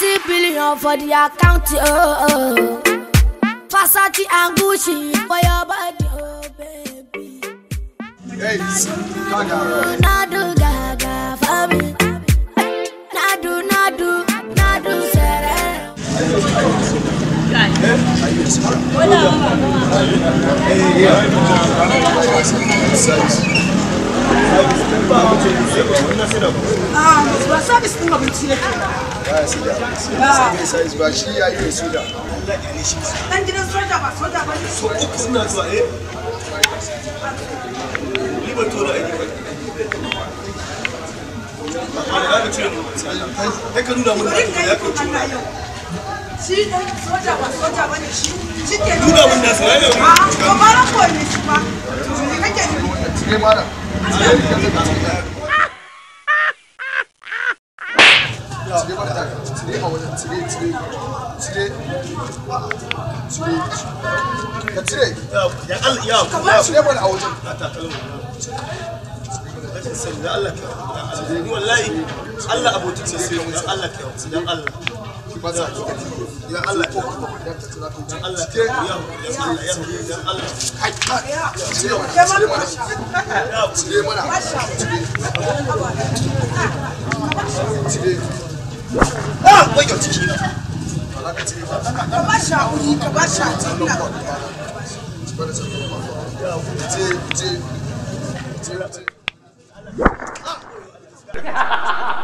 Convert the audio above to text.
40 billion for the account, oh, oh. Versace and Gucci for your body, oh, baby. Hey, Gaga. Nadu Gaga for me. Nadu, Nadu, Nadu, Sere. Hey, yeah. ce dutse da ku ah ba sabis din abinci ne ba sai da sai sai ba shi ka nuna cire mara ta cire a wajen cire cire cire cire ka cire ya Allah ya Allah cire mara a wajen da Allah ka ni wallahi Allah abokin sa sai dan Allah ka dan Allah ki ba sa ya Allah ko dan Allah ke ya Allah ya dan Allah kai ka cire mara cire mara cire mara cire cire Ah, wait your teeth. Ka ba sha oyi, ka ba sha ti na. Ti ti ti.